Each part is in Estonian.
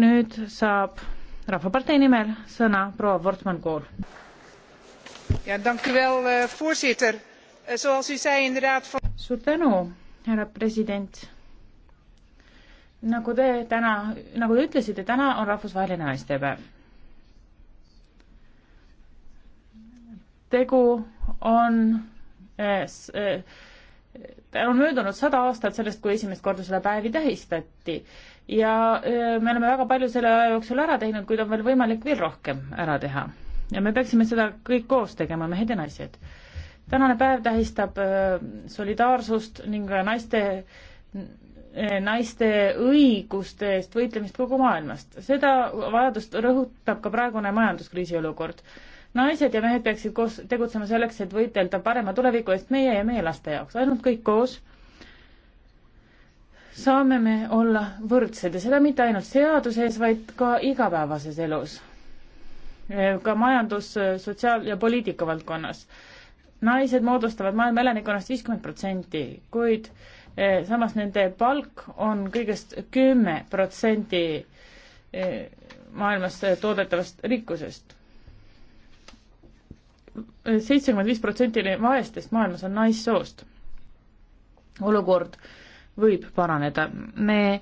nüüd saab Rahvapartei nimel sõna proua Wortmann Kool. Eh, eh, suur tänu, härra president. nagu te täna, nagu te ütlesite, täna on rahvusvaheline naistepäev. tegu on äh, äh, on möödunud sada aastat sellest, kui esimest korda seda päevi tähistati ja äh, me oleme väga palju selle aja jooksul ära teinud, kuid on veel võimalik veel rohkem ära teha. ja me peaksime seda kõik koos tegema, mehed ja naised. tänane päev tähistab äh, solidaarsust ning naiste, äh, naiste õiguste eest võitlemist kogu maailmast. seda vajadust rõhutab ka praegune majanduskriisi olukord. naised ja mehed peaksid koos tegutsema selleks, et võitelda parema tuleviku eest meie ja meie laste jaoks, ainult kõik koos saame me olla võrdsed ja seda mitte ainult seaduse ees, vaid ka igapäevases elus. ka majandus, sotsiaal- ja poliitika valdkonnas. naised moodustavad maailma elanikkonnast viiskümmend protsenti, kuid eh, samas nende palk on kõigest kümme protsenti eh, maailmas eh, toodetavast rikkusest. seitsekümmend viis protsenti vaestest maailmas on naissoost. olukord äh, võib paraneda. me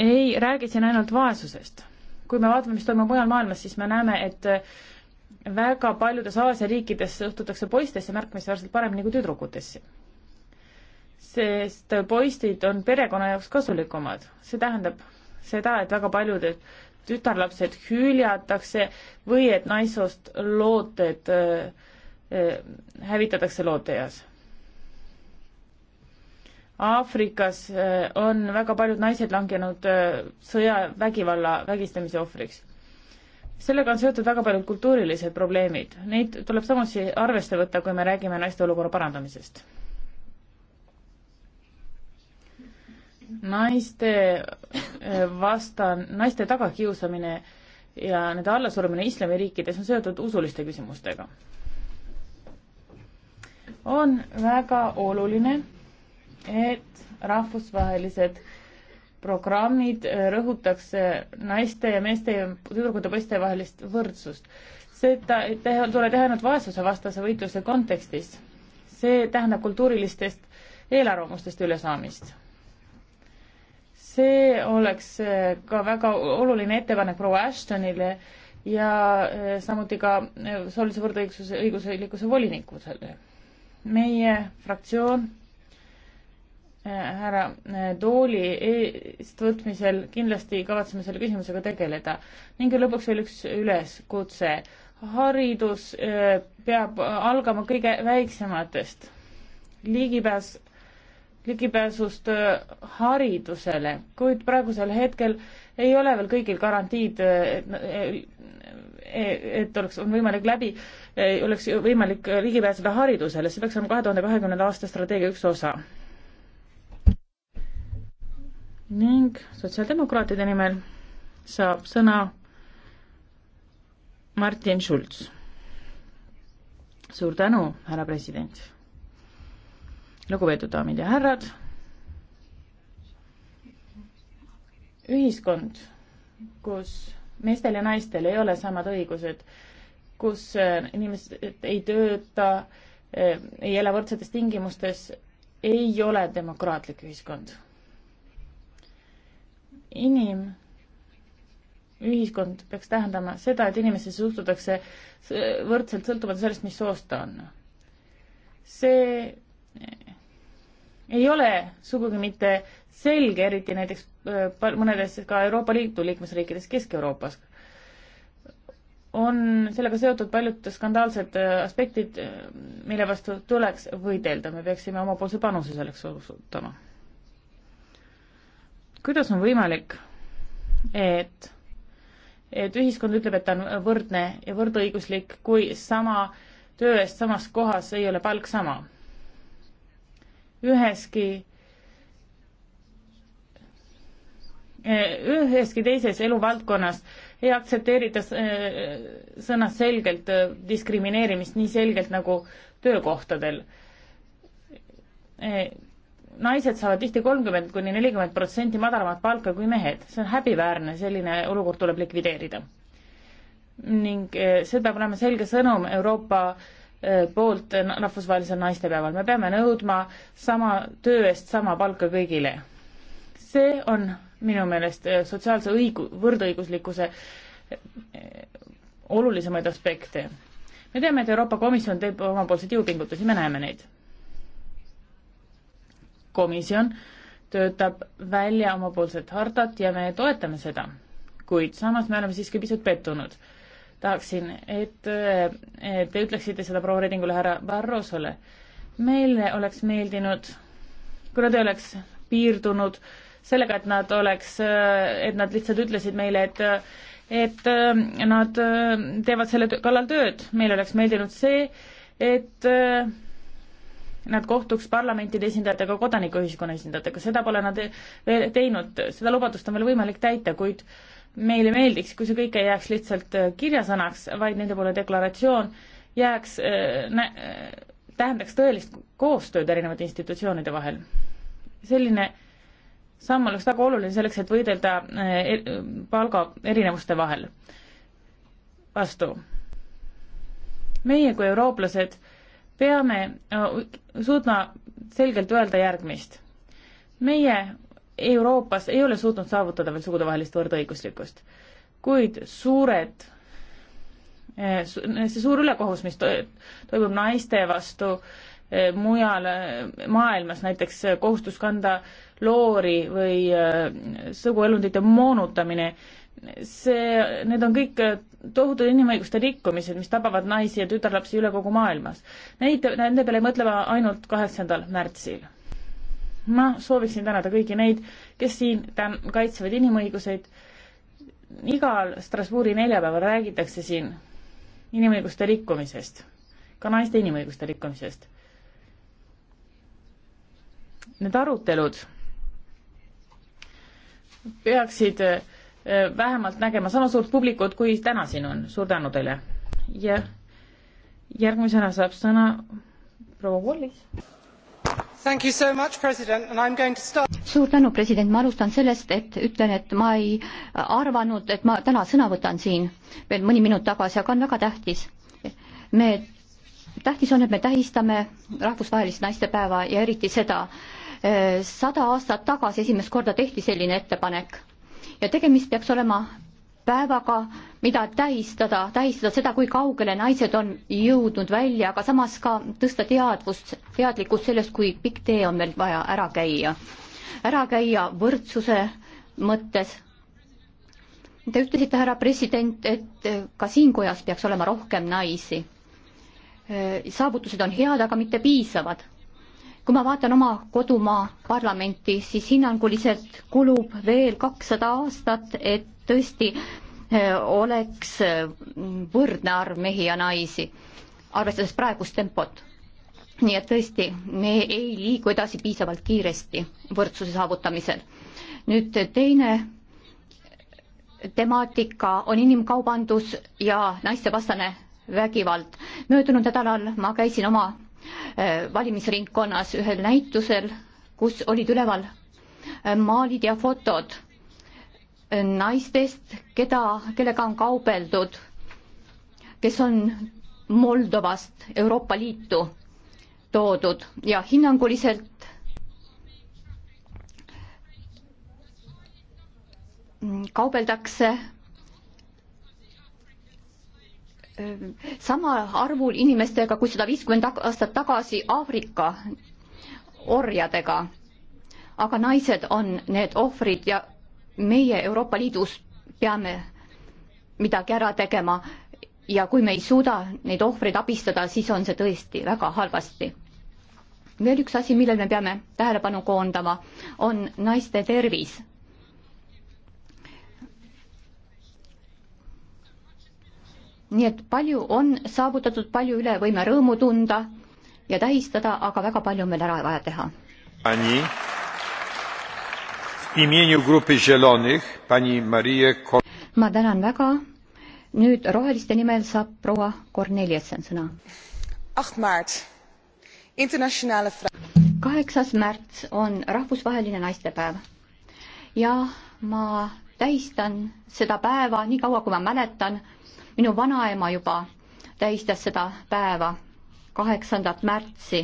ei räägi siin ainult vaesusest. kui me vaatame, mis toimub mujal maailmas, siis me näeme, et väga paljudes Aasia riikides suhtutakse poistesse märkimisväärselt paremini kui tüdrukutesse. sest poistid on perekonna jaoks kasulikumad. see tähendab seda, et väga paljud tütarlapsed hüljatakse või et naissoost looted äh, äh, hävitatakse looteeas Aafrikas eh, on väga paljud naised langenud eh, sõjavägivalla vägistamise ohvriks. sellega on seotud väga paljud kultuurilised probleemid, neid tuleb samuti arvesse võtta, kui me räägime naiste olukorra parandamisest. naiste eh, vasta, naiste tagakiusamine ja nende allasurumine islamiriikides on seotud usuliste küsimustega. on väga oluline et rahvusvahelised programmid äh, rõhutaks äh, naiste ja meeste ja tüdrukute ja poiste vahelist võrdsust. seda ei tule teha ainult vaesusevastase võitluse kontekstis. see tähendab kultuurilistest eelarvamustest ülesaamist. see oleks äh, ka väga oluline ettepanek proua Ashtonile ja samuti ka soolise võrdõiguse, õigusõiguslikkuse volinikusele. meie fraktsioon härra äh, Tooli eestvõtmisel kindlasti kavatseme selle küsimusega tegeleda. ning lõpuks veel üks üleskutse. haridus äh, peab algama kõige väiksematest. ligipääs, ligipääsust äh, haridusele, kuid praegusel hetkel ei ole veel kõigil garantiid, et oleks, on võimalik läbi, oleks võimalik ligi pääseda haridusele, see peaks olema kahe tuhande kahekümnenda aasta strateegia üks osa ning sotsiaaldemokraatide nimel saab sõna Martin Schulz. suur tänu, härra president. lugupeetud daamid ja härrad. ühiskond, kus meestel ja naistel ei ole samad õigused, kus äh, inimesed ei tööta, äh, ei ela võrdsetes tingimustes, ei ole demokraatlik ühiskond inim- ühiskond peaks tähendama seda, et inimesse suhtutakse võrdselt sõltumata sellest, mis soost ta on. see eh, ei ole sugugi mitte selge, eriti näiteks eh, mõnedes ka Euroopa Liidu liikmesriikides Kesk-Euroopas. on sellega seotud paljud skandaalsed eh, aspektid, mille vastu tuleks võidelda, me peaksime omapoolse panuse selleks osutama kuidas on võimalik, et, et ühiskond ütleb, et ta on võrdne ja võrdõiguslik, kui sama töö eest samas kohas ei ole palk sama? üheski üheski teises eluvaldkonnas ei aktsepteerita äh, sõnas selgelt äh, diskrimineerimist nii selgelt nagu töökohtadel äh, naised saavad tihti kolmkümmend kuni nelikümmend protsenti madalamat palka kui mehed, see on häbiväärne, selline olukord tuleb likvideerida. ning eh, see peab olema selge sõnum Euroopa eh, poolt eh, rahvusvahelisel naistepäeval, me peame nõudma sama töö eest sama palka kõigile. see on minu meelest sotsiaalse õigu-, võrdõiguslikkuse olulisemaid aspekte. me teame, et Euroopa Komisjon teeb omapoolseid jõupingutusi, me näeme neid komisjon töötab välja omapoolset hartat ja me toetame seda. kuid samas me oleme siiski pisut pettunud. tahaksin, et te ütleksite seda proua Redingule, härra Barrosole. meile oleks meeldinud, kuna te oleks piirdunud sellega, et nad oleks, et nad lihtsalt ütlesid meile, et et nad teevad selle kallal tööd. meile oleks meeldinud see, et nad kohtuks parlamentide esindajatega, kodanikuühiskonna esindajatega, seda pole nad e-, veel teinud, seda lubadust on veel võimalik täita, kuid meile meeldiks, kui see kõik ei jääks lihtsalt äh, kirjasõnaks, vaid nendepoolne deklaratsioon jääks äh, äh,, tähendaks tõelist koostööd erinevate institutsioonide vahel. selline samm oleks väga oluline selleks, et võidelda äh, e-, palga erinevuste vahel. vastu. meie kui eurooplased äh, peame suutma selgelt öelda järgmist. meie Euroopas ei ole suutnud saavutada veel sugudevahelist võrdõiguslikkust, kuid suured e, see suur ülekohus, mis toimub naiste vastu e, mujal e, maailmas, näiteks kohustus kanda loori või suguelundite moonutamine, see, need on kõik tohutud inimõiguste rikkumised, mis tabavad naisi ja tütarlapsi üle kogu maailmas. Neid, nende peale mõtlema ainult kaheksandal märtsil. ma sooviksin tänada kõiki neid, kes siin tän-, kaitsevad inimõiguseid. igal Strasbourgi neljapäeval räägitakse siin inimõiguste rikkumisest, ka naiste inimõiguste rikkumisest. Need arutelud peaksid äh, vähemalt nägema sama suurt publikut, kui täna siin on. suur tänu teile. ja järgmisena saab sõna proua Wallis. Start... suur tänu, president, ma alustan sellest, et ütlen, et ma ei arvanud, et ma täna sõna võtan siin veel mõni minut tagasi, aga on väga tähtis. me, tähtis on, et me tähistame rahvusvahelist naistepäeva ja eriti seda, sada aastat tagasi esimest korda tehti selline ettepanek ja tegemist peaks olema päevaga, mida tähistada, tähistada seda, kui kaugele naised on jõudnud välja, aga samas ka tõsta teadvust, teadlikkust sellest, kui pikk tee on meil vaja ära käia. ära käia võrdsuse mõttes. Te ütlesite, härra president, et ka siin kojas peaks olema rohkem naisi. saavutused on head, aga mitte piisavad kui ma vaatan oma kodumaa parlamenti, siis hinnanguliselt kulub veel kakssada aastat, et tõesti eh, oleks eh, võrdne arv mehi ja naisi, arvestades praegust tempot. nii et tõesti, me ei liigu edasi piisavalt kiiresti võrdsuse saavutamisel. nüüd teine temaatika on inimkaubandus ja naistevastane vägivald. möödunud nädalal ma käisin oma Äh, valimisringkonnas ühel näitusel, kus olid üleval äh, maalid ja fotod äh, naistest, keda, kellega on kaubeldud, kes on Moldovast Euroopa Liitu toodud ja hinnanguliselt mm, kaubeldakse sama arvul inimestega kui sada viiskümmend aastat tagasi Aafrika orjadega. aga naised on need ohvrid ja meie Euroopa Liidus peame midagi ära tegema ja kui me ei suuda neid ohvreid abistada, siis on see tõesti väga halvasti. veel üks asi, millele me peame tähelepanu koondama, on naiste tervis nii et palju on saavutatud, palju üle võime rõõmu tunda ja tähistada, aga väga palju on veel ära vaja teha. ma tänan väga. nüüd roheliste nimel saab proua Korneliusen sõna. kaheksas märts on rahvusvaheline naistepäev ja ma tähistan seda päeva nii kaua, kui ma mäletan minu vanaema juba tähistas seda päeva, kaheksandat märtsi.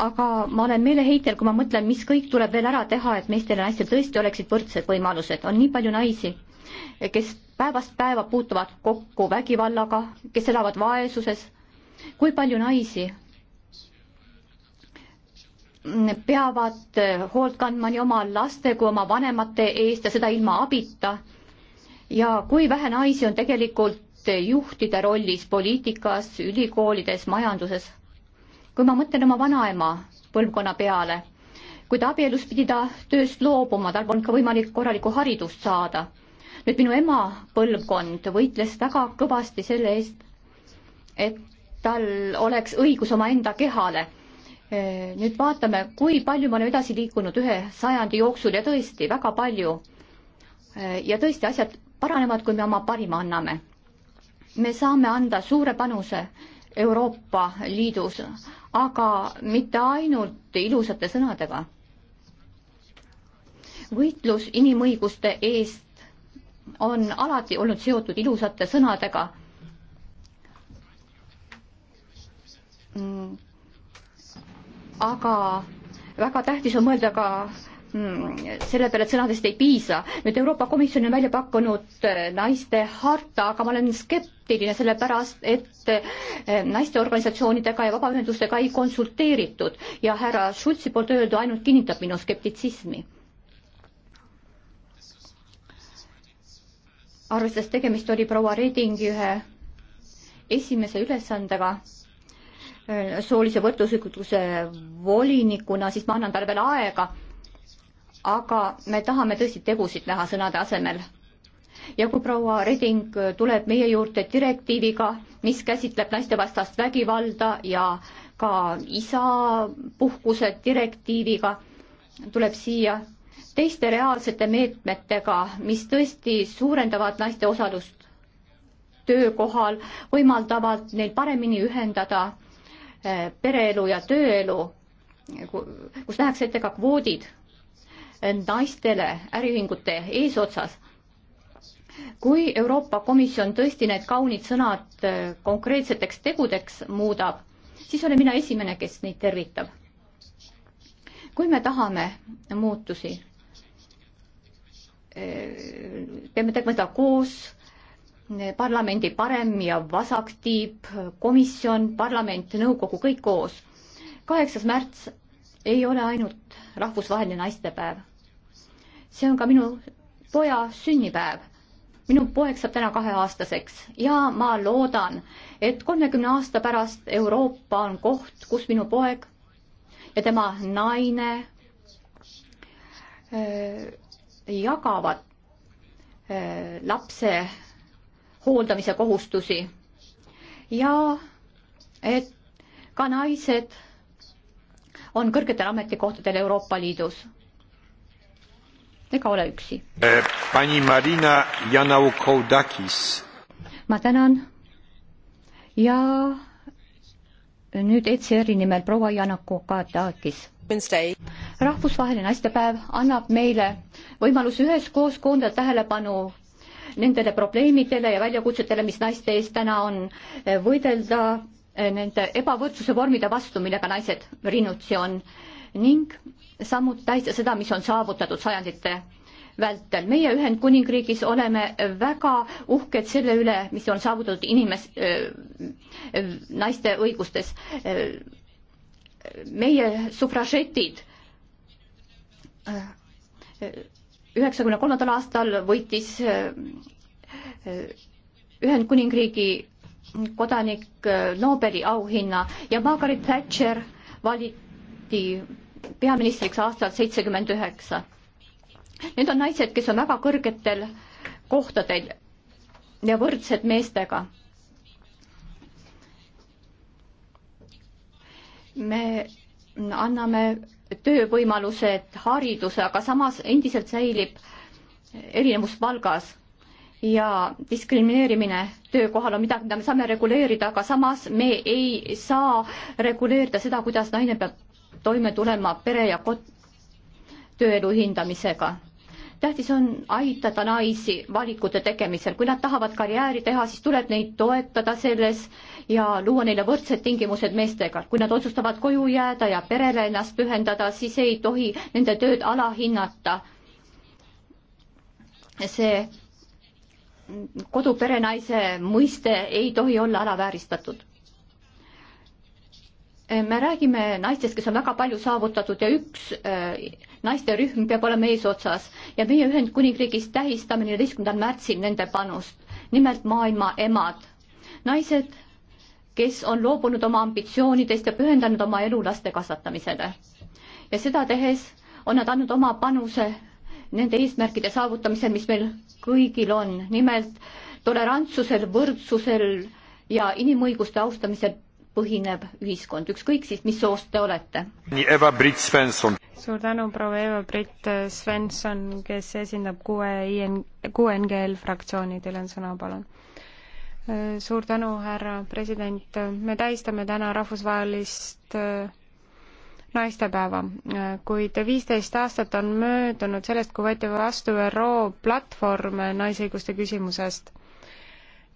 aga ma olen meeleheitel, kui ma mõtlen, mis kõik tuleb veel ära teha, et meestel ja naistel tõesti oleksid võrdsed võimalused, on nii palju naisi, kes päevast päeva puutuvad kokku vägivallaga, kes elavad vaesuses, kui palju naisi peavad hoolt kandma nii oma laste kui oma vanemate eest ja seda ilma abita ja kui vähe naisi on tegelikult juhtide rollis poliitikas, ülikoolides, majanduses. kui ma mõtlen oma vanaema põlvkonna peale, kui ta abielus pidi ta tööst loobuma, tal polnud ka võimalik korralikku haridust saada. nüüd minu ema põlvkond võitles väga kõvasti selle eest, et tal oleks õigus omaenda kehale nüüd vaatame, kui palju me oleme edasi liikunud ühe sajandi jooksul ja tõesti väga palju. ja tõesti, asjad paranevad, kui me oma parima anname. me saame anda suure panuse Euroopa Liidus, aga mitte ainult ilusate sõnadega. võitlus inimõiguste eest on alati olnud seotud ilusate sõnadega mm aga väga tähtis on mõelda ka Mm, selle peale, et sõnadest ei piisa. nüüd Euroopa Komisjon on välja pakkunud äh, naiste harta, aga ma olen skeptiline sellepärast, et äh, naisteorganisatsioonidega ja vabaühendustega ei konsulteeritud ja härra Schultzi poolt öeldu ainult kinnitab minu skeptitsismi. arvestades tegemist oli proua Redingi ühe esimese ülesandega äh, soolise võrdõiguslikkuse volinikuna, siis ma annan talle veel aega aga me tahame tõesti tegusid näha sõnade asemel. ja kui proua Reding tuleb meie juurde direktiiviga, mis käsitleb naistevastast vägivalda ja ka isapuhkuse direktiiviga, tuleb siia teiste reaalsete meetmetega, mis tõesti suurendavad naiste osalust töökohal, võimaldavad neil paremini ühendada eh, pereelu ja tööelu, kus nähakse ette ka kvoodid naistele äriühingute eesotsas. kui Euroopa Komisjon tõesti need kaunid sõnad äh, konkreetseteks tegudeks muudab, siis olen mina esimene, kes neid tervitab. kui me tahame muutusi, äh, peame tegema seda koos äh, parlamendi parem ja vasaktiib, komisjon, parlament, nõukogu, kõik koos. kaheksas märts ei ole ainult rahvusvaheline naistepäev see on ka minu poja sünnipäev. minu poeg saab täna kaheaastaseks ja ma loodan, et kolmekümne aasta pärast Euroopa on koht, kus minu poeg ja tema naine äh, jagavad äh, lapse hooldamise kohustusi ja et ka naised on kõrgetel ametikohtadel Euroopa Liidus ega ole üksi. E, pani Marina Janaukodakis. ma tänan ja nüüd ECR-i nimel proua Janaukodakis. rahvusvaheline naistepäev annab meile võimaluse üheskoos koondada tähelepanu nendele probleemidele ja väljakutsetele, mis naiste ees täna on, e, võidelda e, nende ebavõrdsuse vormide vastu, millega naised rinnutsi on ning samuti tähistada seda, mis on saavutatud sajandite vältel. meie Ühendkuningriigis oleme väga uhked selle üle, mis on saavutatud inimes- äh,, naiste õigustes äh,. meie sufražetid üheksakümne äh, kolmandal aastal võitis Ühendkuningriigi kodanik Nobeli auhinna ja Margaret Thatcher valiti valiti peaministriks aastal seitsekümmend üheksa. Need on naised, kes on väga kõrgetel kohtadel ja võrdsed meestega. me anname töövõimalused, hariduse, aga samas endiselt säilib erinevus palgas ja diskrimineerimine töökohal on midagi, mida me saame reguleerida, aga samas me ei saa reguleerida seda, kuidas naine peab toime tulema pere ja kod-, tööelu hindamisega. tähtis on aitada naisi valikute tegemisel, kui nad tahavad karjääri teha, siis tuleb neid toetada selles ja luua neile võrdsed tingimused meestega. kui nad otsustavad koju jääda ja perele ennast pühendada, siis ei tohi nende tööd alahinnata. see koduperenaise mõiste ei tohi olla alavääristatud me räägime naistest, kes on väga palju saavutatud ja üks äh, naisterühm peab olema eesotsas ja meie Ühendkuningriigis tähistame neljateistkümnendal märtsil nende panust, nimelt maailma emad. naised, kes on loobunud oma ambitsioonidest ja pühendanud oma elu laste kasvatamisele. ja seda tehes on nad andnud oma panuse nende eesmärkide saavutamisel, mis meil kõigil on, nimelt tolerantsusel, võrdsusel ja inimõiguste austamisel põhineb ühiskond, ükskõik siis, mis soost te olete. nii, Eva-Britt Svensson. suur tänu, proua Eva-Britt Svensson, kes esindab kuue IN-, QNGL fraktsiooni, teil on sõna, palun. suur tänu, härra president, me tähistame täna rahvusvahelist äh, naistepäeva, äh, kuid viisteist aastat on möödunud sellest, kui võeti vastu ÜRO platvorm naisõiguste küsimusest.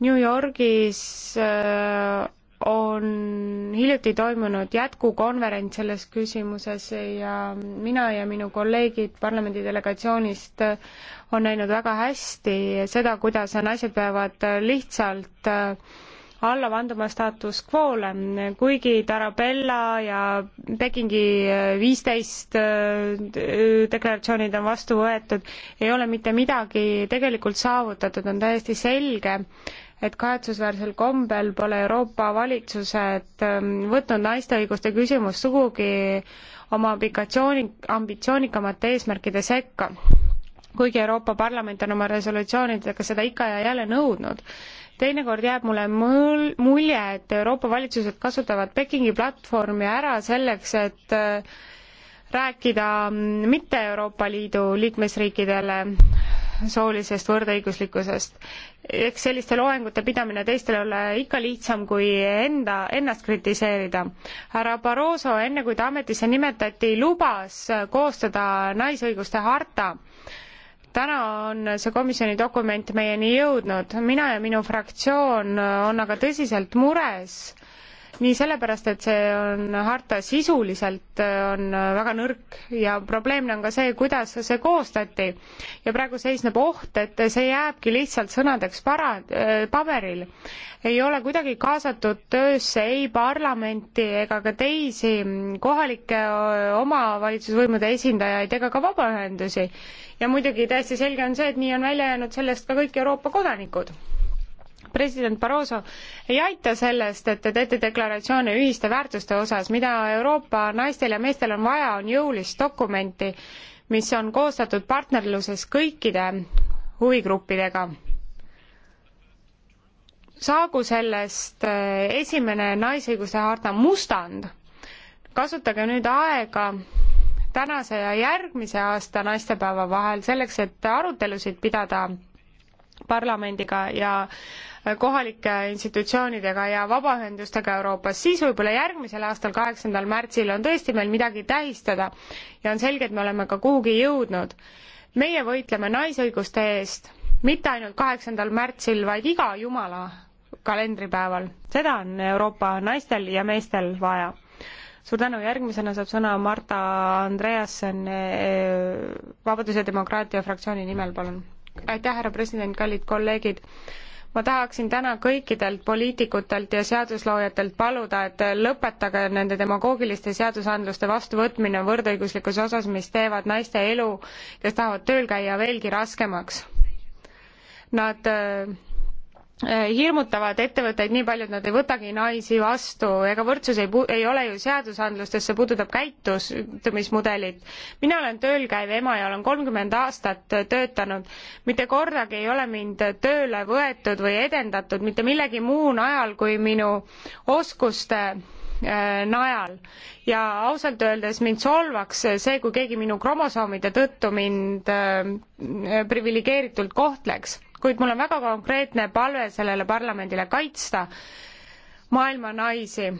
New Yorgis äh, on hiljuti toimunud jätkukonverents selles küsimuses ja mina ja minu kolleegid parlamendi delegatsioonist on näinud väga hästi seda, kuidas naised peavad lihtsalt äh, alla vanduma status quo'le, kuigi Tarabella ja Pekingi äh, viisteist äh, deklaratsioonid on vastu võetud, ei ole mitte midagi tegelikult saavutatud, on täiesti selge, et kahetsusväärsel kombel pole Euroopa valitsused ähm, võtnud naiste õiguste küsimust sugugi oma ambitsiooni, ambitsioonikamate eesmärkide sekka. kuigi Euroopa Parlament on oma resolutsioonidega seda ikka ja jälle nõudnud, teinekord jääb mulle mõl-, mulje, et Euroopa valitsused kasutavad Pekingi platvormi ära selleks, et äh, rääkida mm, mitte Euroopa Liidu liikmesriikidele soolisest võrdõiguslikkusest. eks selliste loengute pidamine teistele ole ikka lihtsam kui enda, ennast kritiseerida. härra Barroso, enne kui ta ametisse nimetati, lubas koostada naisõiguste harta täna on see komisjoni dokument meieni jõudnud. mina ja minu fraktsioon on aga tõsiselt mures nii sellepärast, et see on harta sisuliselt äh, on äh, väga nõrk ja probleemne on ka see, kuidas see koostati. ja praegu seisneb oht, et see jääbki lihtsalt sõnadeks para-, äh, paberil. ei ole kuidagi kaasatud töösse ei parlamenti ega ka teisi kohalikke omavalitsusvõimude esindajaid ega ka vabaühendusi. ja muidugi täiesti selge on see, et nii on välja jäänud sellest ka kõik Euroopa kodanikud president Barroso ei aita sellest, et te teete deklaratsioone ühiste väärtuste osas, mida Euroopa naistel ja meestel on vaja, on jõulist dokumenti, mis on koostatud partnerluses kõikide huvigruppidega. saagu sellest eh, esimene naisõiguste harta mustand, kasutage nüüd aega tänase ja järgmise aasta naistepäeva vahel selleks, et arutelusid pidada parlamendiga ja kohalike institutsioonidega ja vabaühendustega Euroopas, siis võib-olla järgmisel aastal, kaheksandal märtsil on tõesti meil midagi tähistada ja on selge, et me oleme ka kuhugi jõudnud. meie võitleme naisõiguste eest mitte ainult kaheksandal märtsil, vaid iga jumala kalendripäeval. seda on Euroopa naistel ja meestel vaja. suur tänu, järgmisena saab sõna Marta Andreasen eh, eh, Vabaduse ja demokraatia fraktsiooni nimel, palun. aitäh, härra president, kallid kolleegid ma tahaksin täna kõikidelt poliitikutelt ja seadusloojatelt paluda, et lõpetage nende demagoogiliste seadusandluste vastuvõtmine võrdõiguslikkuse osas, mis teevad naiste elu, kes tahavad tööl käia, veelgi raskemaks. Nad äh, Äh, hirmutavad ettevõtteid nii palju, et nad ei võtagi naisi vastu, ega võrdsus ei, ei ole ju seadusandlustes, see puudutab käitumismudelit. mina olen tööl käiv ema ja olen kolmkümmend aastat töötanud, mitte kordagi ei ole mind tööle võetud või edendatud mitte millegi muu najal kui minu oskuste äh, najal ja ausalt öeldes mind solvaks see, kui keegi minu kromosoomide tõttu mind äh, priviligeeritult kohtleks kuid mul on väga konkreetne palve sellele parlamendile kaitsta maailma naisi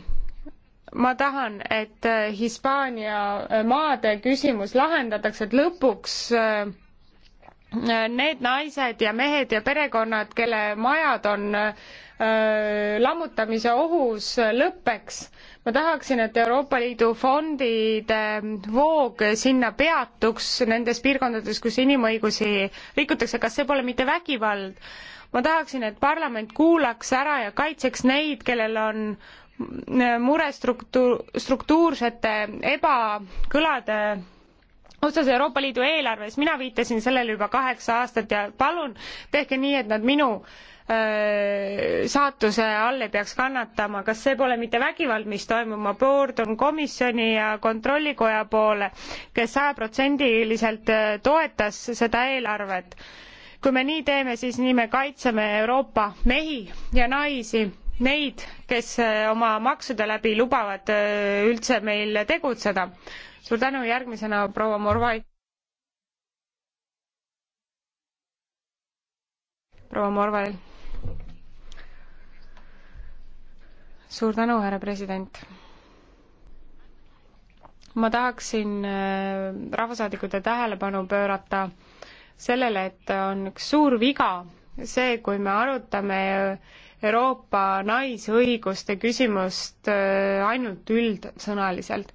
ma tahan, et äh, Hispaania äh, maade küsimus lahendatakse, et lõpuks äh, need naised ja mehed ja perekonnad, kelle majad on Äh, lammutamise ohus lõpeks. ma tahaksin, et Euroopa Liidu fondide voog sinna peatuks nendes piirkondades, kus inimõigusi rikutakse, kas see pole mitte vägivald? ma tahaksin, et parlament kuulaks ära ja kaitseks neid, kellel on mure struktuur, struktuursete ebakõlade osas Euroopa Liidu eelarves, mina viitasin sellele juba kaheksa aastat ja palun tehke nii, et nad minu äh, Äh, saatuse all ei peaks kannatama, kas see pole mitte vägivald, mis toimub, ma pöördun komisjoni ja kontrollikoja poole kes, kes sajaprotsendiliselt äh, toetas seda eelarvet. kui me nii teeme, siis nii me kaitseme Euroopa mehi ja naisi neid, kes äh, oma maksude läbi lubavad üldse meil tegutseda. suur tänu, järgmisena proua Morvai. proua Morvai. suur tänu, härra president ma tahaksin äh, rahvasaadikute tähelepanu pöörata sellele, et on üks suur viga see, kui me arutame Euroopa naisõiguste küsimust äh, ainult üldsõnaliselt.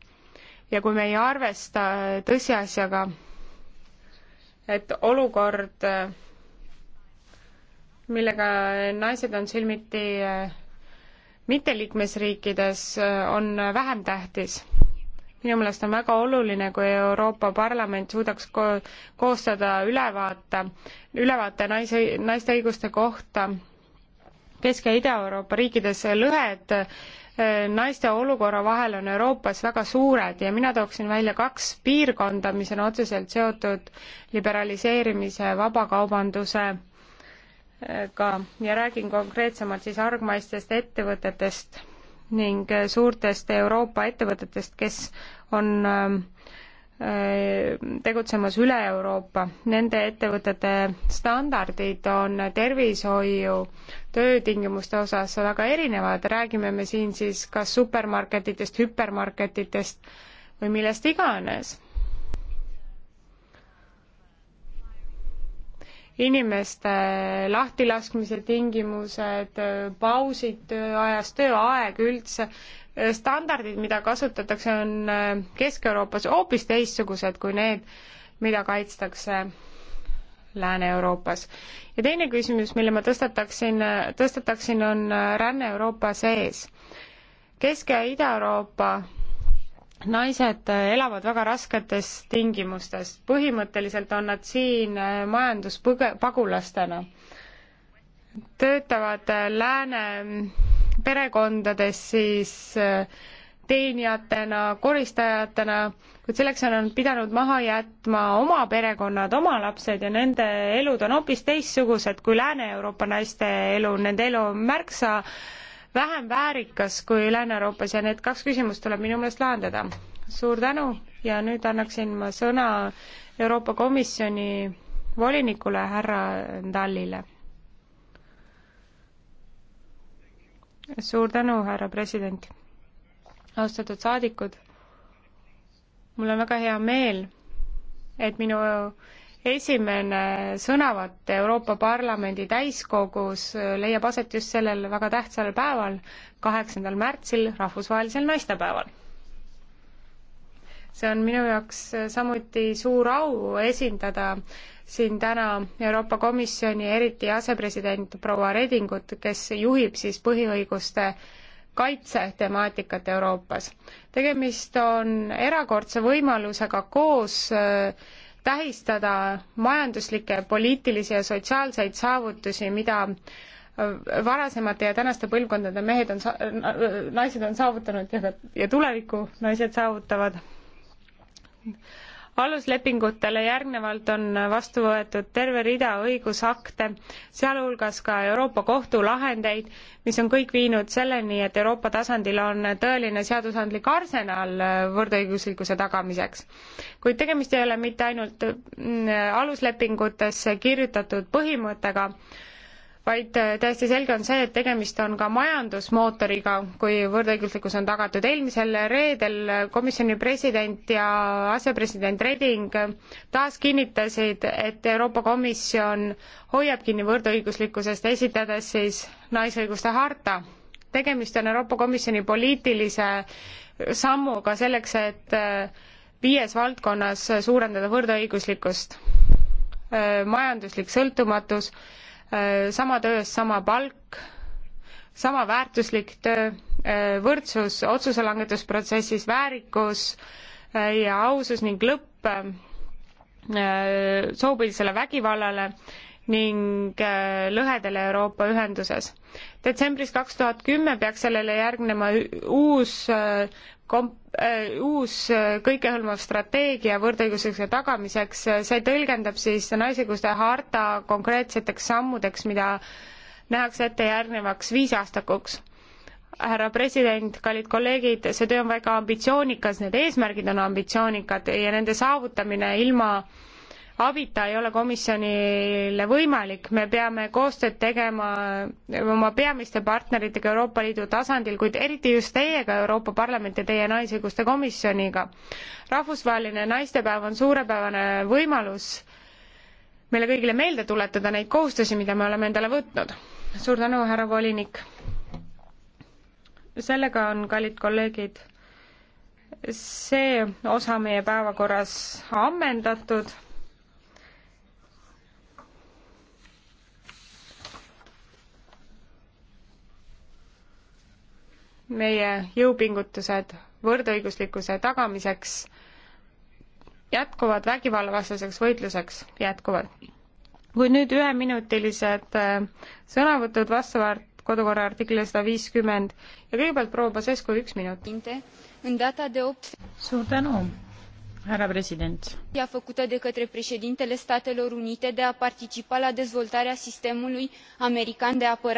ja kui me ei arvesta tõsiasjaga, et olukord, äh, millega naised on silmiti mitteliikmesriikides äh, on äh, vähem tähtis. minu meelest on väga oluline, kui Euroopa Parlament suudaks ko-, koostada ülevaate, ülevaate naise, naiste õiguste kohta Kesk- ja Ida-Euroopa riikides lõhed äh, naiste olukorra vahel on Euroopas väga suured ja mina tooksin välja kaks piirkonda, mis on otseselt seotud liberaliseerimise, vabakaubanduse ka ja räägin konkreetsemalt siis argmaistest ettevõtetest ning suurtest Euroopa ettevõtetest, kes on ähm, äh, tegutsemas üle Euroopa. Nende ettevõtete standardid on tervishoiu töötingimuste osas väga erinevad, räägime me siin siis kas supermarketitest, hüpermarketitest või millest iganes inimeste lahtilaskmise tingimused, pausid tööajas, tööaeg üldse, standardid, mida kasutatakse, on Kesk-Euroopas hoopis teistsugused kui need, mida kaitstakse Lääne-Euroopas. ja teine küsimus, mille ma tõstataksin, tõstataksin, on ränne Euroopa sees Kesk. Kesk- ja Ida-Euroopa naised äh, elavad väga rasketes tingimustes, põhimõtteliselt on nad siin äh, majanduspagulastena. töötavad äh, lääne mm, perekondades siis teenijatena, koristajatena, kuid selleks on nad pidanud maha jätma oma perekonnad, oma lapsed ja nende elud on hoopis teistsugused kui Lääne-Euroopa naiste elu, nende elu on märksa äh, vähem väärikas kui Lääne-Euroopas ja need kaks küsimust tuleb minu meelest lahendada. suur tänu ja nüüd annaksin ma sõna Euroopa Komisjoni volinikule härra Dallile. suur tänu, härra president. austatud saadikud, mul on väga hea meel, et minu esimene sõnavõtt Euroopa Parlamendi täiskogus leiab aset just sellel väga tähtsal päeval, kaheksandal märtsil, rahvusvahelisel naistepäeval. see on minu jaoks samuti suur au esindada siin täna Euroopa Komisjoni, eriti asepresident proua Redingut, kes juhib siis põhiõiguste kaitsetemaatikat Euroopas. tegemist on erakordse võimalusega koos äh, tähistada majanduslikke, poliitilisi ja sotsiaalseid saavutusi, mida äh, varasemate ja tänaste põlvkondade mehed on, naised on saavutanud ja ka, ja tuleviku naised saavutavad aluslepingutele järgnevalt on vastu võetud terve rida õigusakte, sealhulgas ka Euroopa Kohtu lahendeid, mis on kõik viinud selleni, et Euroopa tasandil on tõeline seadusandlik arsenal võrdõiguslikkuse tagamiseks. kuid tegemist ei ole mitte ainult mm, aluslepingutesse kirjutatud põhimõttega, vaid äh, täiesti selge on see, et tegemist on ka majandusmootoriga, kui võrdõiguslikkus on tagatud. eelmisel reedel komisjoni president ja asepresident Reding taas kinnitasid, et Euroopa Komisjon hoiab kinni võrdõiguslikkusest, esitades siis naisõiguste harta. tegemist on Euroopa Komisjoni poliitilise sammuga selleks, et äh, viies valdkonnas suurendada võrdõiguslikkust, äh, majanduslik sõltumatus Äh, sama töö eest sama palk, sama väärtuslik töö, äh, võrdsus otsuse langetusprotsessis, väärikus äh, ja ausus ning lõpp soopõhisele vägivallale ning äh, lõhedele Euroopa ühenduses. detsembris kaks tuhat kümme peaks sellele järgnema uus äh, komp-, äh, uus kõikehõlmav strateegia võrdõiguslikkuse tagamiseks, see tõlgendab siis naisõiguste harta konkreetseteks sammudeks, mida nähakse ette järgnevaks viisaastakuks härra president, kallid kolleegid, see töö on väga ambitsioonikas, need eesmärgid on ambitsioonikad ja nende saavutamine ilma äh, abita ei ole komisjonile võimalik, me peame koostööd tegema oma peamiste partneritega Euroopa Liidu tasandil, kuid eriti just teiega, Euroopa Parlament ja teie Naisõiguste Komisjoniga. rahvusvaheline naistepäev on suurepärane võimalus meile kõigile meelde tuletada neid kohustusi, mida me oleme endale võtnud. suur tänu, härra volinik! sellega on, kallid kolleegid, see osa meie päevakorras ammendatud meie jõupingutused võrdõiguslikkuse tagamiseks jätkuvad, vägivallavastaseks võitluseks jätkuvad. kui nüüd üheminutilised äh, sõnavõtud vastavalt kodukorra artiklile sada viiskümmend ja kõigepealt proua Pasescu üks minut. suur tänu, härra president. ja făcută de către președintele Statelor Unite de a participa la dezvoltarea sistemului american de apărare